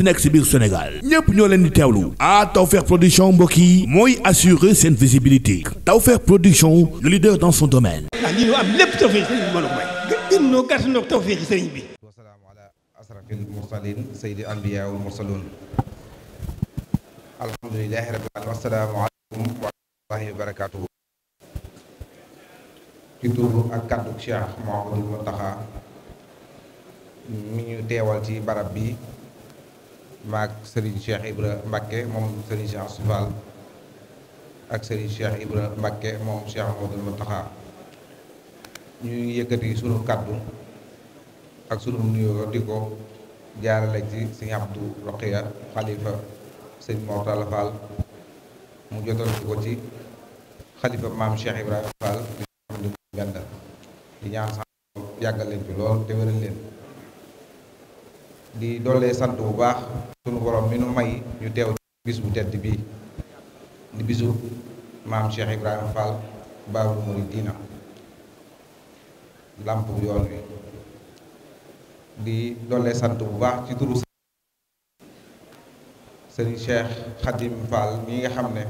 munti nekk si biir Sénégal ñépp ñoo leen di teewlu ah Tawfekh production mbokk yi mooy assurer seen visibilité Tawfekh production le leader dans son domaine. ah lii bi mën a may. gën ñoo gàtt ñoo mursalin sayyidil anbiya wal mursalun alhamdulillahi rabbil alamin assalaamu aleykum wa rahmatullahi wa barakatuh ci tuuru ak kàddu Cheikh Mouhamadou Mountakha mi ñu teewal ci barab bi maag Serigne Cheikh Ibra Mbacke moom Serigne Cheikh Astou Fall ak Serigne Cheikh Ibra Mbacke moom Cheikh Ahmadou Mountakha ñu yëkkati sunu kàddu ak sunu nuyoo di ko jaarale ci Serigne Abdou Rokhia xalifa Serigne Mortala Fall mu jotal ko ci xalifa maam Cheikh Ibrahima Fall di ñaan sax yàggal leen lool te wéral leen di doolee sant bu baax sunu borom bi nu may ñu teew ci bis bu tedd bii di bisu maam Cheikh Ibrahima Fall Baabul Muridiina làmp yoon wi di doolee sant bu baax ci turu sëriñ Cheikh Khadim Fall mi nga xam ne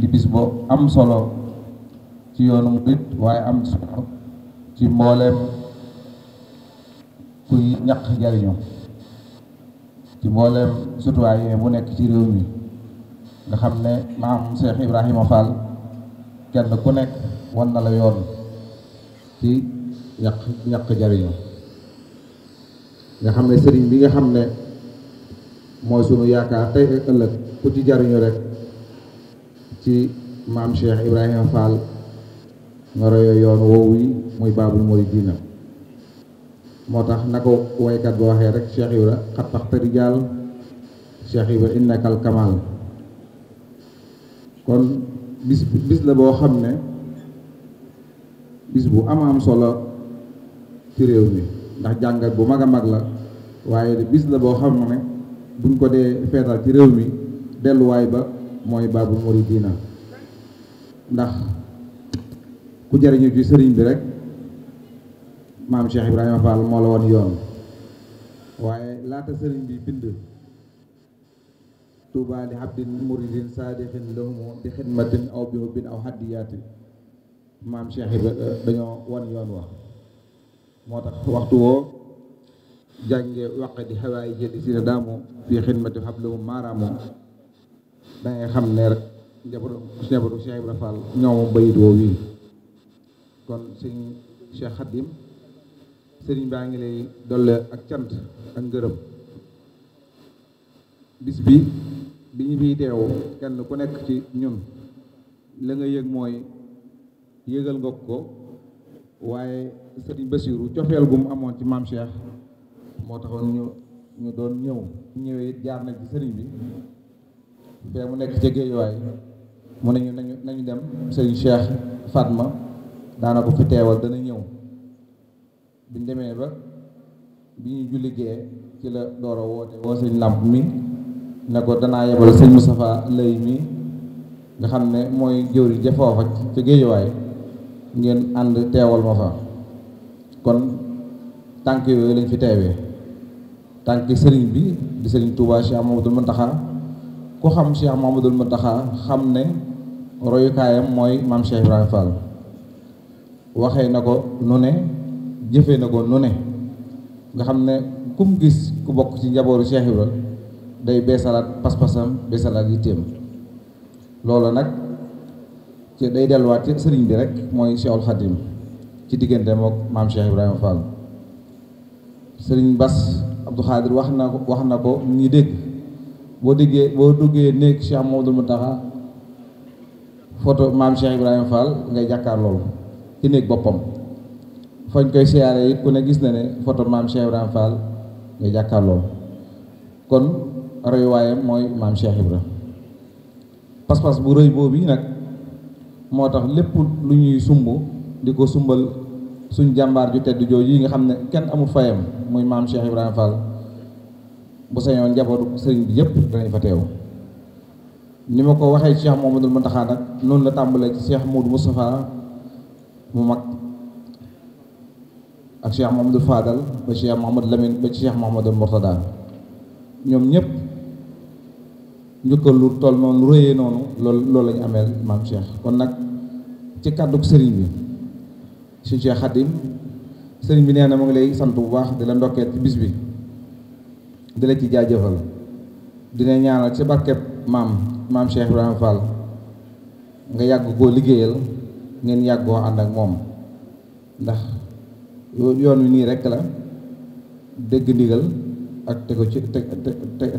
di bis bu am solo ci yoonu murit waaye am solo ci mbooleem kuy ñaq jariñu ci mbooleem sutuwaay bu nekk ci réew mi nga xam ne maam Cheikh Ibrahima Fall kenn ku nekk wan na la yoon ci ñaq ñaq jariñu nga xam ne sëriñ bi nga xam ne mooy sunu yaakaar tey ak ëllëg ku ci jariñu rek ci maam Cheikh Ibrahima Fall nga royo yoon woowu yi muy baabul muridina moo tax na ko woykat boo waxee rek Cheikh Ibra xat tax tërijaal Cheikh Ibra innakal kamal kon bis bis la boo xam ne bis bu am am solo ci réew mi ndax jàngat bu mag a mag la waaye de bis la boo xam ne buñ ko dee feetal ci réew mi delluwaay ba mooy baabu muridina ndax ku jëriñu ci sëriñ bi rek maam Cheikh Ibrahima Fall moo la won yoon waaye laata sëriñ bi bind tuuba li abdin muridin saadixin lahum bi xidmatin aw bi hubbin aw haddiyaati maam Cheikh Ibra eh, dañoo wan yoon wa moo tax waxtu woo jànge waqe di xawaay jëli si daamu fi xidmati xablahum maaraamu da ngay xam ne rek njabootu njabootu Cheikh Ibra Fall ñoom bayit woo wii kon sëñ Cheikh Khadim sëriñ baa ngi lay dolle ak cant ak ngërëm bis bi bi ñu fiy teew kenn ku nekk ci ñun la nga yëg mooy yëgal nga ko waaye sëriñ Basiiru cofeel bu mu amoon ci maam Cheikh moo taxoon ñu ñu doon ñëw ñëwee jaar na ci sëriñ bi fee mu nekk ca géejuwaay mu nañu nañu nañu dem sëriñ Cheikh Fatma daana ko fi teewal dana ñëw biñ demee ba bi ñu julli gee ci la door a woote woo sëñ làmp mi ne ko danaa yebal sëñ Moustapha lay mi nga xam ne mooy jëwri ja foofa ca géejuwaay ngeen ànd teewal ma fa kon tànk yooyu lañ fi teewee tànk sëriñ bi di sëriñ Touba Cheikh Mamadou Mountakha ku xam moo Cheikh Mouhamadoul taxa xam ne royukaayam mooy maam Cheikh Ibrahima Fall waxee na ko nu ne jëfee na ko nu ne nga xam ne kum gis ku bokk ci njabootu Cheikh Ibrahima day beesalaat pas-pasam beesalaat yitteem loolu nag ci day delluwaat ci sëriñ bi rek mooy ci diggante mook maam Cheikh Ibrahima Fall sëriñ Bass Abdou Khadir wax na ko wax na ko ñu dégg boo diggee boo duggee néeg Cheikh Mamadou Mountakha photo maam Cheikh Ibrahima Fall ngay jàkkaar loolu ci néeg boppam fañ koy siyaaree it ku ne gis na ne photo maam Cheikh Ibrahima Fall ngay jàkkaar loolu kon royuwaayam mooy maam Cheikh Ibrahima pas-pas bu rëy boobu nag moo tax lépp lu ñuy sumb di ko sumbal suñ jàmbaar ju tedd jooju yi nga xam ne kenn amul fayam muy maam Cheikh bu sañoon njabootu sëriñ bi yëpp danañ fa teew ni ma ko waxee ci Cheikh Mouhamadoul Mountakha nag noonu la tàmbalee ci Cheikh Moudou Moustapha mu mag ak Cheikh Mouhamadoul Fadal ba Cheikh Mouhamadou Lamine ba Cheikh Mouhamadoul Mourtada ñoom ñëpp njukkal lu toll noonu lu noonu lool loolu la ñu ameel maam Cheikh kon nag ci kàddug sëriñ bi si Cheikh Khadim sëriñ bi nee na mu ngi lay sant bu baax di la ndokkeel ci bis bi. di ci jaajëfal dina ñaanal ci barkeb maam maam Cheikh Ibrahima Fall nga yàgg koo liggéeyal ngeen yàggoo ànd ak moom ndax yoon nii rekk la dëgg ndigal ak tego ci te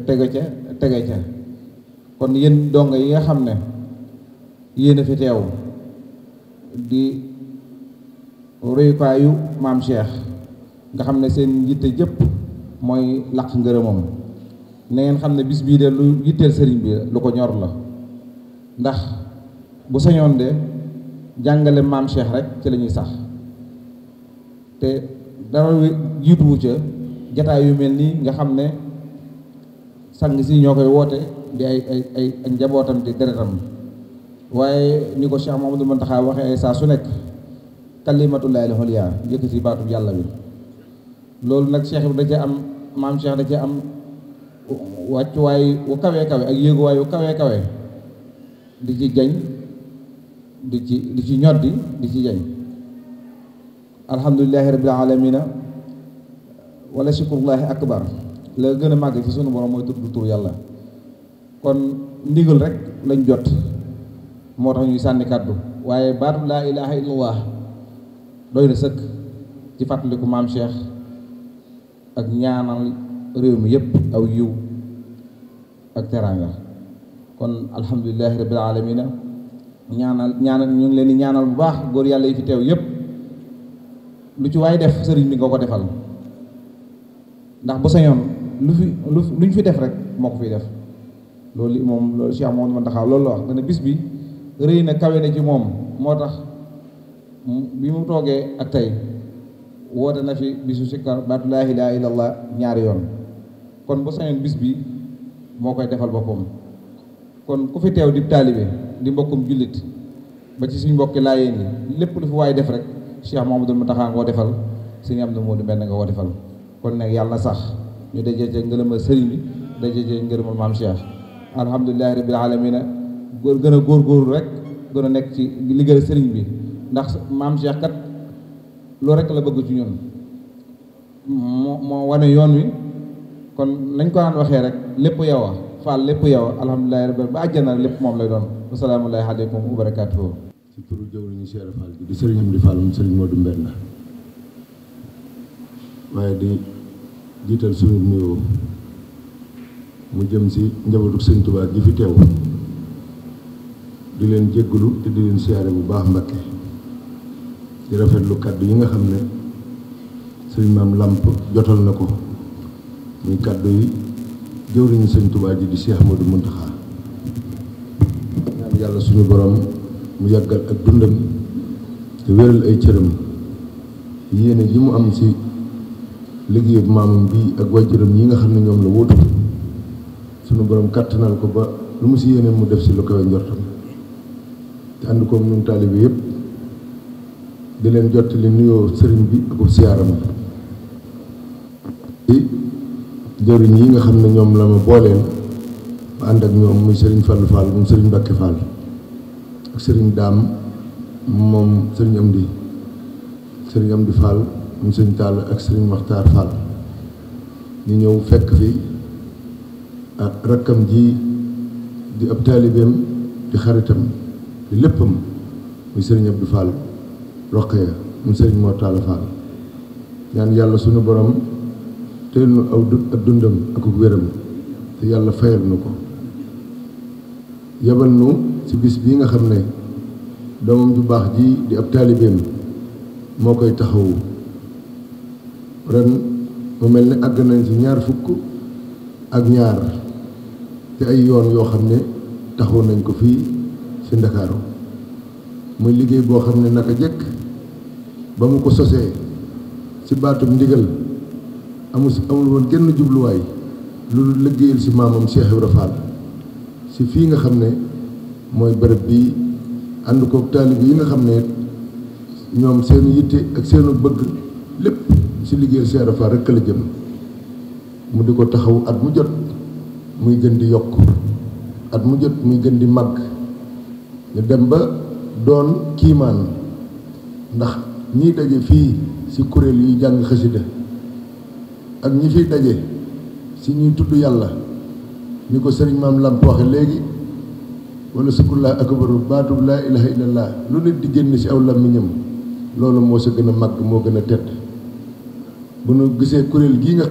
tego ca tege ca kon yéen dongo yi nga xam ne yéen a fi teew di royukaayu maam Cheikh nga xam ne seen yitte jëpp mooy làq ngërëmam na ngeen xam ne bis bii de lu yitteel sëriñ bi lu ko ñor la ndax bu sañoon de jàngale maam Cheikh rek ci lañuy sax te dara jiituwu ca jataay yu mel nii nga xam ne sang si ñoo koy woote di ay ay ay njabootam di deretam waaye ni ko Cheikh Mouhamadou Mountakha waxee ay saa su nekk kalimatullahi al-ulya yëkkati baatu yàlla bi loolu nag Cheikh bi da cee am maam Cheikh da cee am wàccuwaay wu kawee kawe ak yéeguwaay wu kawe kawe di ci jañ di ci di ci ñoddi di ci jañ alhamdulilahi rabbil alamina wala shukrullahi akbar la gën a màgg ci sunu borom mooy tudd tur yàlla kon ndigal rek lañ jot moo tax ñuy sànni kàddu waaye baatu laa ilaha illallah doy na sëkk ci fàttaliku maam Cheikh ak ñaanal réew mi yépp aw yiw ak teraanga kon alhamdulilahi rabbil alamina ñaanal ñaanal ñu ngi leen di ñaanal bu baax góor yàlla yi fi teew yépp lu ci waay def sëriñ bi nga ko defal ndax bu sañoon lu fi lu luñ fi def rek moo ko fiy def loolu moom loolu Cheikh Mouhamadou Mountakha loolu la wax dana bis bi rëy na kawe na ci moom moo tax bi mu toogee ak tey woote na fi bisu sikkar baatu laa ilaaha illallah ñaari yoon kon bu sañoon bis bi moo koy defal boppam kon ku fi teew di taalibe di mbokkum jullit ba ci suñ mbokki laayeen yi lépp lu fi waaye def rek Cheikh Mouhamadou mu nga ko defal suñu am na moo di benn nga ko defal kon nag yàlla na sax ñu dajee ci ngërëmal sëriñ bi dajee ci ngërëmal maam Cheikh alhamdulilahi rabbil alamina góor gën a góor góorgóorlu rek gën a nekk ci liggéeyal sëriñ bi ndax maam loolu rek la bëgg ci ñun moo moo wane yoon wi kon nañ ko daan waxee rek lépp yow a faal lépp yow a alhamdulilahi rabbil ba àjjana lépp moom lay doon wasalaamullahi aleykum wa barakaatuhu ci turu jëwriñu Cheikh Fall bi di sëriñ Amdi Fall moom sëriñ Modou Mbenda waaye di jiital suñu nuyoo mu jëm si njabootu sëriñ Tuubaa ji fi teew di leen jëkklu te di leen siyaare bu baax Mbakke di rafetlu kàddu yi nga xam ne suñ maam làmp jotal na ko muy kàddu yi jëwriñu sëñ Tuubaa ji di Cheikh Ahmadou Mountakha ñaan yàlla suñu borom mu yàggal ak dundam te wéral ay cëram yéene ji mu am ci liggéeyu maamam bi ak waajuram yi nga xam ne ñoom la wóotu suñu borom kàttanal ko ba lu mu ci yéene mu def ci lu kawe njortam te ànd koog ñun taalibe yëpp. di leen jottali nuyoo sëriñ bi ak siyaaram bi jëriñ yi nga xam ne ñoom la ma booleel ma ànd ak ñoom muy sëriñ Fallou Fall moom sëriñ Mbacké Fall ak sëriñ Daam moom sëriñ Amdi sëriñ Amdi Fall moom sëriñ Tall ak sëriñ Makhtar Fall ñu ñëw fekk fi ak rakkam ji di ab taalibeem di xaritam di léppam muy sëriñ Abdou Fall Rokhaya mu sëriñ Mor Talla Fall yàlla sunu borom teel nu aw dundam ak wéram te yàlla fayal nu ko yebal nu ci bis bii nga xam ne doomam ju baax ji di ab taalibeem moo koy taxawu ren mu mel ni àgg nañ ci ñaar fukk ak ñaar ci ay yoon yoo xam ne taxaw nañ ko fii ci Ndakaaru muy liggéey boo xam ne naka jekk ba mu ko sosee ci baatum ndigal amul amul woon genn jubluwaay lu liggéeyal si maamam Cheikh Ibra Fall fii nga xam ne mooy bërëb bi ànd koog taalib yi nga xam ne ñoom seen yitte ak seenu bëgg lépp ci liggéeyal Cheikh Ibra rekk la jëm mu di ko taxaw at mu jot muy gën di yokk at mu jot muy gën di màgg ñu dem ba doon kiimaan ndax ñii daje fii si kuréel yuy jàng xasida ak ñi fiy daje si ñuy tudd yàlla ñu ko sëriñ maam làmp waxe léegi wala sukurlaa akbaru baatub laa ilaha illallah lu nit di génn si aw làmmiñam loolu moo sa gën a mag moo gën a tedd bu nu gisee kuréel gii nga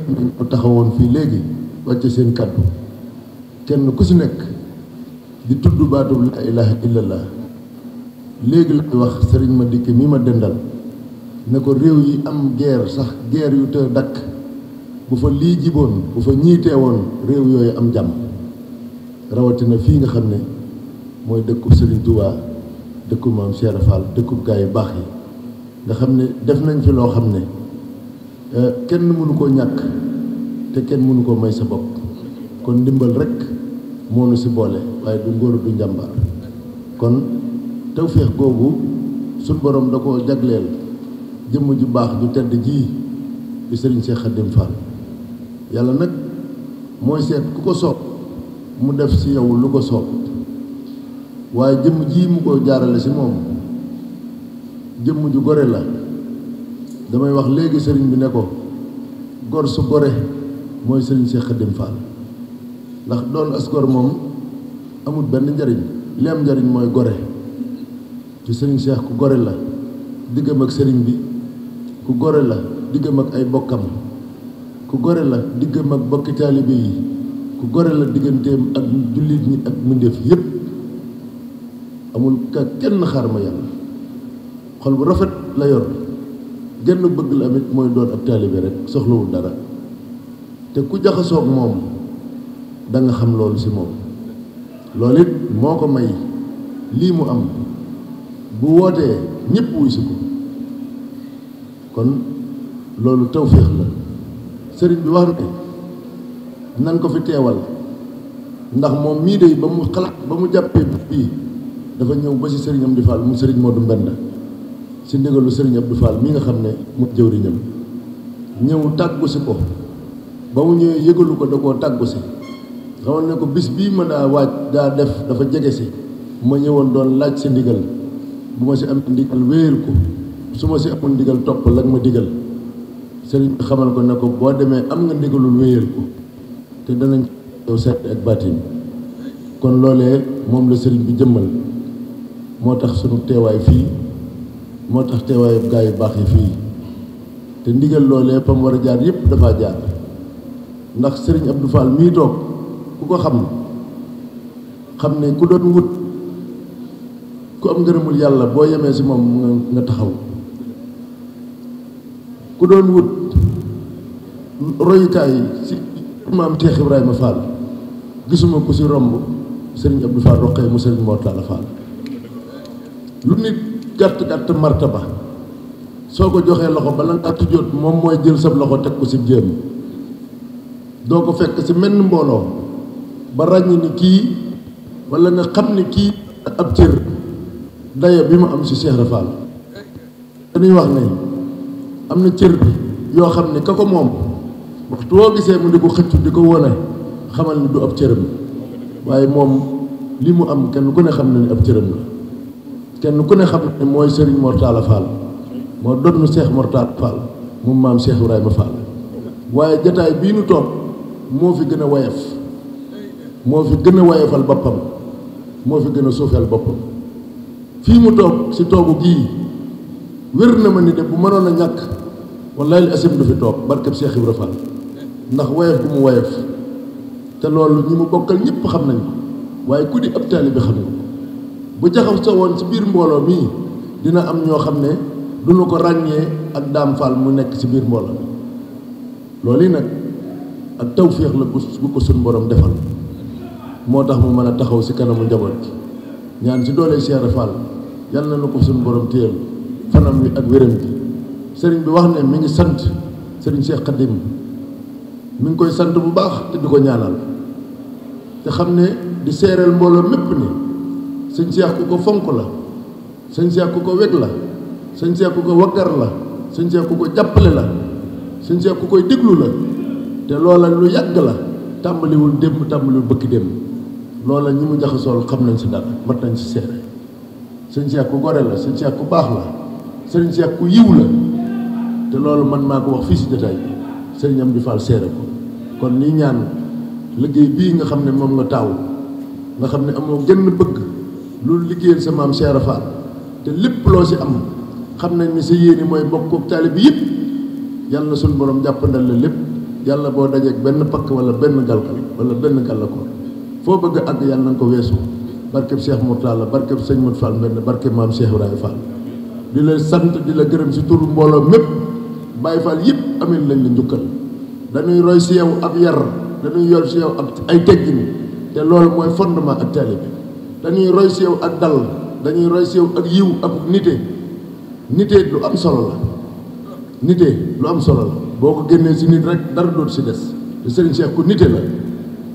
taxawoon fii léegi wàcce seen kàddu kenn ku si nekk di tudd baatub laa ilaha illallah léegi la wax sëriñ ma dikk mi ma dëndal ne ko réew yi am guerre sax guerre yu te dakk bu fa lii jiboon bu fa ñiitee woon réew yooyu am jàmm rawatina fii nga xam ne mooy dëkkub Serigne Touba dëkkub maam Cheikh Fall dëkkub gaa yu baax yi nga xam ne def nañ fi loo xam ne euh, kenn mënu koo ñàkk te kenn mënu koo may sa bopp kon ndimbal rek moo si boole waaye du ngóor du njàmbaar kon feex googu suñ borom da koo jagleel. jëmm ju baax ju tedd ji di sëriñ Cheikh Khadim Fall yàlla nag mooy seet ku ko soob mu def si yow lu ko soob waaye jëmm ji mu ko jaarale si moom jëmm ju gore la damay wax léegi sëriñ bi ne ko gor su gore mooy sëriñ Cheikh Khadim Fall ndax doon as gor moom amul benn njariñ li am njariñ mooy gore te sëriñ Cheikh ku gore la diggam ak sëriñ bi ku gore la diggam ak ay bokkam ku gore la diggam ak bokki taalibe yi ku gore la digganteem ak jullit ñi ak mbindeef yépp amul ka kenn xaar ma yàlla xol bu rafet la yor genn bëgg la amit mooy doon ab taalibe rek soxlawul dara te ku jaxasoog moom da nga xam loolu si moom loolu it moo ko may lii mu am bu wootee ñëpp wuy si ko kon loolu tawféex la sëriñ bi wax na ko fi teewal ndax moom mii de ba mu xalaat ba mu jàppee bii dafa ñëw ba si sëriñ Amdi Fall mu sëriñ du Mbenda si ndigalu sëriñ Abdou Fall mii nga xam ne mu jëwriñam ñëw tàggu si ko ba mu ñëwee yëgalu ko da koo tàggu si xamal ne ko bis bii ma daa waaj daa def dafa jege si ma ñëwoon doon laaj si ndigal bu ma si am ndigal wéer ko su ma si amoon ndigal topp la ma digal sëriñ bi xamal ko ne ko boo demee am na ndigalul wéyal ko te danañ yow seet ak baatin kon loolee moom la sëriñ bi jëmmal moo tax sunu teewaay fii moo tax teewaayu gaa yu baax yi fii te ndigal loolee pam war a jaar yëpp dafaa jaar ndax sëriñ Abdou Fall mii toog ku ko xam xam ne ku doon wut ku am ngërëmul yàlla boo yemee si moom nga taxaw ku doon wut royukaay yi si maam Cheikh Ibrahima gisuma ku si romb Serigne Abdou Fall roqee mu Serigne Mor Talla Fall lu nit gàtt gàtt martaba soo ko joxee loxo bala nga jot moom mooy jël sab loxo teg ko si jéem doo ko fekk ci menn mbooloo ba ràññ ni kii wala nga xam ni kii ab cër dayo bi mu am ci Cheikh Fall dañuy wax ne am na cër bi yoo xam ne ka ko moom waxtu woo gisee mu di ko xëccu di ko wone xamal ni du ab cëram waaye moom lii mu am kenn ku ne xam na ni ab cëram la kenn ku ne xam ne mooy sëriñ Mortala Fall moo doon Cheikh Mortala Fall moom maam Cheikh Ibrahima Fall waaye jataay bii nu toog moo fi gën a wayaf moo fi gën a wayafal boppam moo fi gën a suufeel boppam fii mu toog si toogu gii wér na ma ni de bu mënoon a ñàkk wallaay li asim du fi toog barkeb Cheikh Ibra Fall ndax woyof gu mu woyof te loolu ñi mu bokkal ñëpp xam nañ waaye ku di ab taalibe bi xam nga bu jaxaw sa woon ci biir mbooloo mii dina am ñoo xam ne du ñu ko ràññee ak daam faal mu nekk ci biir mbooloo loolu yi nag ak tawféex la bu ko suñ borom defal moo tax mu mën a taxaw ci kanamu njaboot ñaan ci doole Cheikh Fall yàlla na ko suñu borom téyel fanam wi ak wéram bi sëriñ bi wax ne mi ngi sant sëriñ Cheikh Khadim mi ngi koy sant bu baax te di ko ñaanal te xam ne di seereel mbooloo mépp ni sëñ Cheikh ku ko fonk la sëñ Cheikh ku ko weg la sëñ Cheikh ku ko waggar la sëñ Cheikh jàppale la sëñ Cheikh ku déglu la te loola lu yàgg la tàmbaliwul démb tàmbaliwul bëkki démb loola ñi mu jaxasool xam nañ si dara mat nañ si seere sëñ Cheikh gore la sëñ Cheikh ku baax la sëñ Cheikh ku yiw la te loolu man maa ko wax fii si jotaay bi sëriñ Amdi Fall seere ko kon nii ñaan liggéey bii nga xam ne moom nga taaw nga xam ne amoo gën bëgg loolu liggéeyal sa maam Cheikh Fall te lépp loo si am xam nañ ni sa yéene mooy bokkook taalib bi yëpp yàlla suñu borom jàppandal la lépp yàlla boo dajeeg benn pakk wala benn galkal wala benn gàllakoor foo bëgg ak àgg yàlla na nga ko weesu barkeb Cheikh Mourtala barkeb sëñ Mout Fall mbenn barkeb maam Cheikh Ibrahima Fall di la sant di la gërëm si turu mbooloo mépp bay Fall yëpp ameen lañ la njukkal dañuy roy si yow ab yar dañuy yor si yow ab ay teggin te loolu mooy fondement ak taalibe dañuy roy si yow ak dal dañuy roy si yow ak yiw ak nite nite lu am solo la nite lu am solo la boo ko génnee si nit rek dara dootu si des te sëriñ Cheikh ku nite la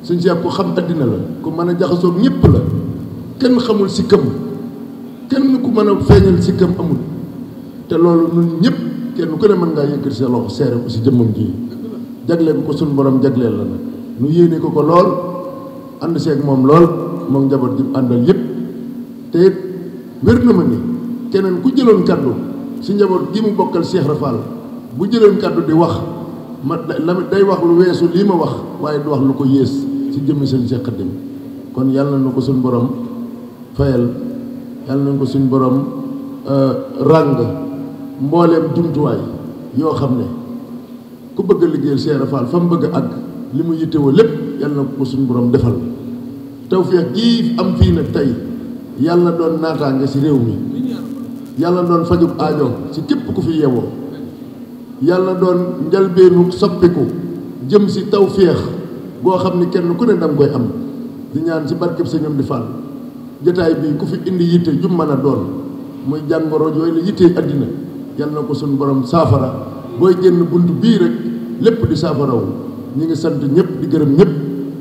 sëriñ Cheikh ku xam àddina la ku mën a jaxasoo ñëpp la kenn xamul si këm kenn ku mën a feeñal si amul te loolu ñun ñëpp kenn ku ne mën ngaa yëkkati sa loxo seere ko si jëmmam ji jagleen ko suñu boroom jagleel la nag nu yéene ko ko lool ànd seek moom lool moom njaboot ji àndal yëpp te it wér na ma ni keneen ku jëloon kàddu si njaboot gi mu bokkal Cheikh Rafal bu jëloon kàddu di wax ma la day wax lu weesu lii ma wax waaye du wax lu ko yées si jëmm seen Cheikh Khadim kon yàlla na ko suñu boroom fayal yàlla na ko suñu borom euh, ràng mbooleem jumtuwaay yoo xam ne ku bëgg liggéey liggéeyal Cheikh fa mu bëgg a li mu yittewoo lépp yàlla na ko suñu boroom defal tawféex gii am fii nag tey yàlla na doon naataange si réew mi yàlla doon fajub aajo si képp ku fi yewoo yàlla doon njalbeenu soppiku jëm si tawféex goo xam ni kenn ku ne danga koy am di ñaan si barkeb Sëriñ di Fall jotaay bii ku fi indi yitte ju a doon muy jàngoro yooyu la yitte àddina yal na ko suñu borom saafara booy génn bunt bii rek lépp di saafaraw ñu ngi sant ñëpp di gërëm ñëpp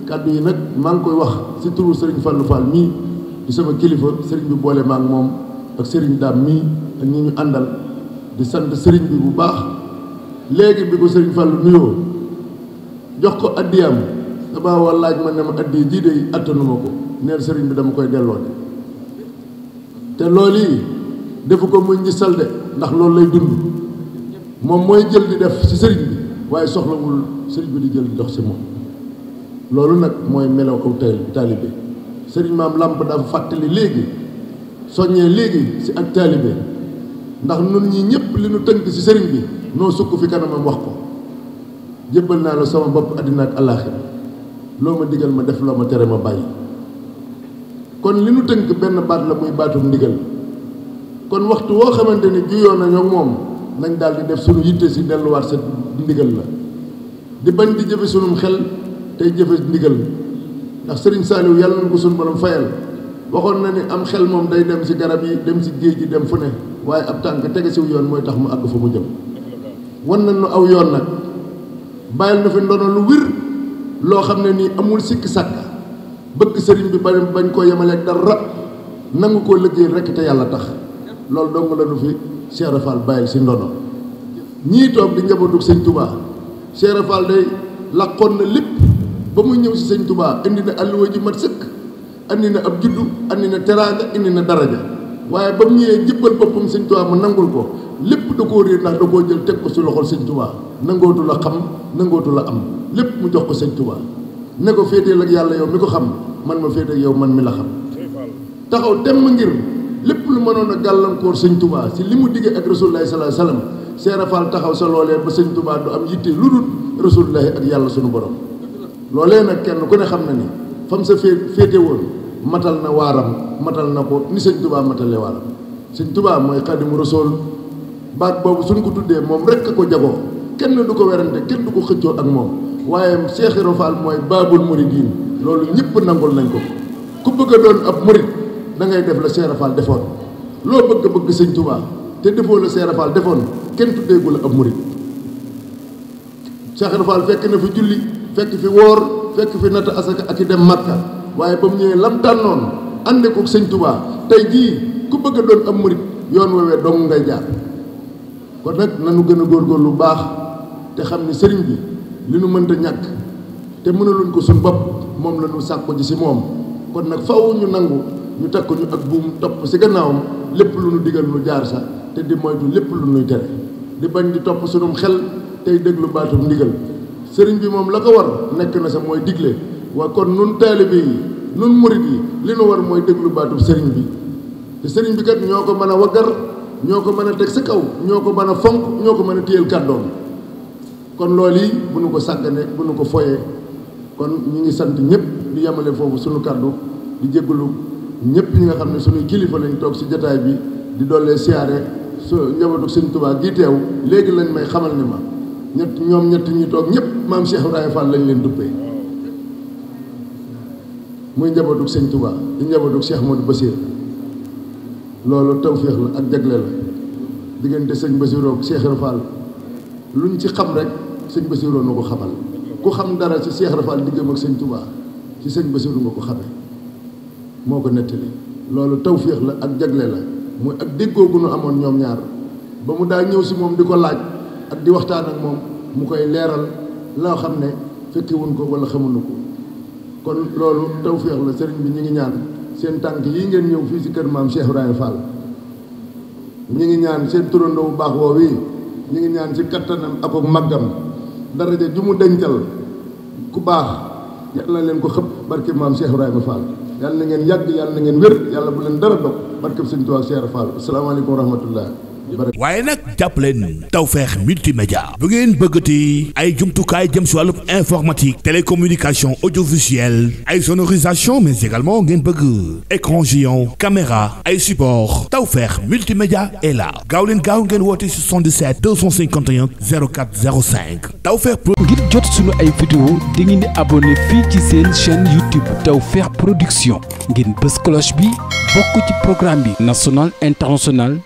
kàddu yi nag maa ngi koy wax si turu Serigne Fallou Fall mii di sama kilifa Serigne bi boole maa moom ak Serigne Dame mii ak ñu àndal di sant sëriñ bi bu baax léegi bi ko Serigne Fallou nuyoo jox ko addiyaam damaa war laaj ma ne ma addi jii de attanu ko neel sëriñ bi dama koy delloo te loolu yi defu ko muy ngistal de ndax loolu lay dund moom mooy jël di def ci sëriñ bi waaye soxlawul sëriñ bi di jël di dox ci moom loolu nag mooy melaw aw taalibe sëriñ maam làmp dafa fàttali léegi soññee léegi ci ak taalibe ndax nun ñi ñëpp li nu tënk ci sëriñ bi noo sukk fi kanamam wax ko jébbal naa la sama bopp àddina ak àllaaxira loo ma digal ma def loo ma tere ma bàyyi kon li nu tënk benn baat la muy baatum ndigal kon waxtu woo xamante ni juyoo nañoo moom nañ daal di def suñu yitte si delluwaat sa ndigal la di bañ di jëfe sunum xel tey jëfe ndigal ndax sëriñ Saliou yàlla na ko suñu mu fayal waxoon na ni am xel moom day dem si garab yi dem si géej gi dem fu ne waaye ab tànk tege siw yoon mooy tax mu àgg fa mu jëm wan nañ nu aw yoon nag bàyyil na fi ndono lu wir loo xam ne nii amul sikki sàkk bëgg sëriñ bi bañ bañ koo yemaleeg dara nangu koo liggéey rekk te tax loolu dong la nu fi Cheikh Rafal bàyyil si ndono ñii toog di njabootu sëñ Touba Cheikh day laqoon na lépp ba muy ñëw si sëñ Touba indi na alluwa ji mat sëkk indi na ab juddu indi na teraanga indi na daraja waaye ba mu ñëwee jëbbal boppam sëñ Touba mu nangul ko lépp da koo réer ndax da koo jël teg ko si loxol sëñ Touba nangootu la xam nangootu la am lépp mu jox ko sëñ Touba ne ko féeteel ak yàlla yow mi ko xam man ma féeteel yow man mi la xam taxaw dem ngir. lépp lu mënoon a gàllankoor sëñ tubaa si li mu diggee ak rasulullahi salaa salaam seera faal taxaw sa loolee ba sëñ tubaa du am yitte lu dul rasulullahi ak yàlla sunu borom loolee nag kenn ku ne xam na ni fam sa fée féete woon matal na waaram matal na ko ni sëñ tubaa matale waaram sëñ tubaa mooy xadimu rasool baat boobu suñ ko tuddee moom rek a ko jagoo kenn du ko werante kenn du ko xëccoo ak moom waaye Cheikh Ibra Fall mooy baabul muridin loolu ñëpp nangul nañ ko ku da ngay def la Cheikh Rafal defoon loo bëgg bëgg sëñ Touba te defoo la Cheikh Rafal defoon kenn tuddeegu la ab murit Cheikh Rafal fekk na fi julli fekk fi woor fekk fi natt asaka ak i dem Makka waaye ba mu ñëwee lam tànnoon ànde ko sëñ Touba tey jii ku bëgg a doon am murit yoon woowee dong ngay jaar kon na nanu gën a góor lu baax te xam ni sëriñ bi li nu mënta ñàkk te mënaluñ ko suñ bopp moom la ñu sàkko ji si moom kon nag faw ñu nangu ñu teg ko ak buum topp si gannaawam lépp lu nu digal nu jaar sax te di moytu lépp lu nuy tere di bañ di topp sunum xel tey déglu baatum ndigal sëriñ bi moom la ko war nekk na sax mooy digle waa kon nun taalibe yi nun murit yi li nu war mooy déglu baatub sëriñ bi te sëriñ bi kat ñoo ko mën a waggar ñoo ko mën a teg sa kaw ñoo ko mën a fonk ñoo ko mën a téyel kàddoom kon loolu yi bu nu ko sàggane bu nu ko foyee kon ñu ngi sant ñëpp di yemale foofu sunu kàddu di jéggalu ñëpp ñi nga xam ne suñuy kilifa lañ toog ci jataay bi di dollee siyaare su njabootu sëñ Tuubaa gi teew léegi lañ may xamal ni ma ñett ñoom ñett ñi toog ñëpp maam Cheikh Ibrahima Fall lañ leen duppee muy njabootu sëñ Tuubaa di njabootu Cheikh Modou Bassir loolu tawféex la ak jagle la diggante sëñ Bassirou ak Cheikh Ibrahima Fall luñ ci xam rek sëñ Bassirou na ko xamal ku xam dara ci Cheikh Ibrahima Fall diggam ak sëñ Tuubaa ci sëñ Bassirou nga ko xamee. moo ko nettali loolu tawféex la ak jagle la muy ak déggoo gu nu amoon ñoom ñaar ba mu daa ñëw si moom di ko laaj ak di waxtaan ak moom mu koy leeral loo xam ne fekkewuñ ko wala xamuñu ko kon loolu tawféex la sëriñ bi ñu ngi ñaan seen tànk yi ngeen ñëw fii si kër maam Cheikh Ibrahima Fall ñu ngi ñaan seen turandoo bu baax woowu ñu ngi ñaan si kattanam ak ak màggam daraja ju mu dencal ku baax yàlla na leen ko xëpp barke maam yàlla na ngeen yàgg yàlla na ngeen wér yàlla bu leen dara dog barkeb sëñ Tuubaa Cheikh Fall asalaamaaleykum wa rahmatullah waaye nag jàppaleen Tawfekh multimédia bu ngeen bëggati ay jumtukaay jëm si wàllu informatique télécommunication audiovisuelle ay sonorisation mais également ngeen bëgg écran géant caméra ay support Tawfekh multimédia est là gaaw leen gaaw ngeen woote 77 251 04 05 Tawfekh Pro ngir jot sunu ay vidéo di ngeen di abonné fii ci seen chaîne YouTube Tawfekh Production ngeen bës cloche bi bokk ci programme bi national international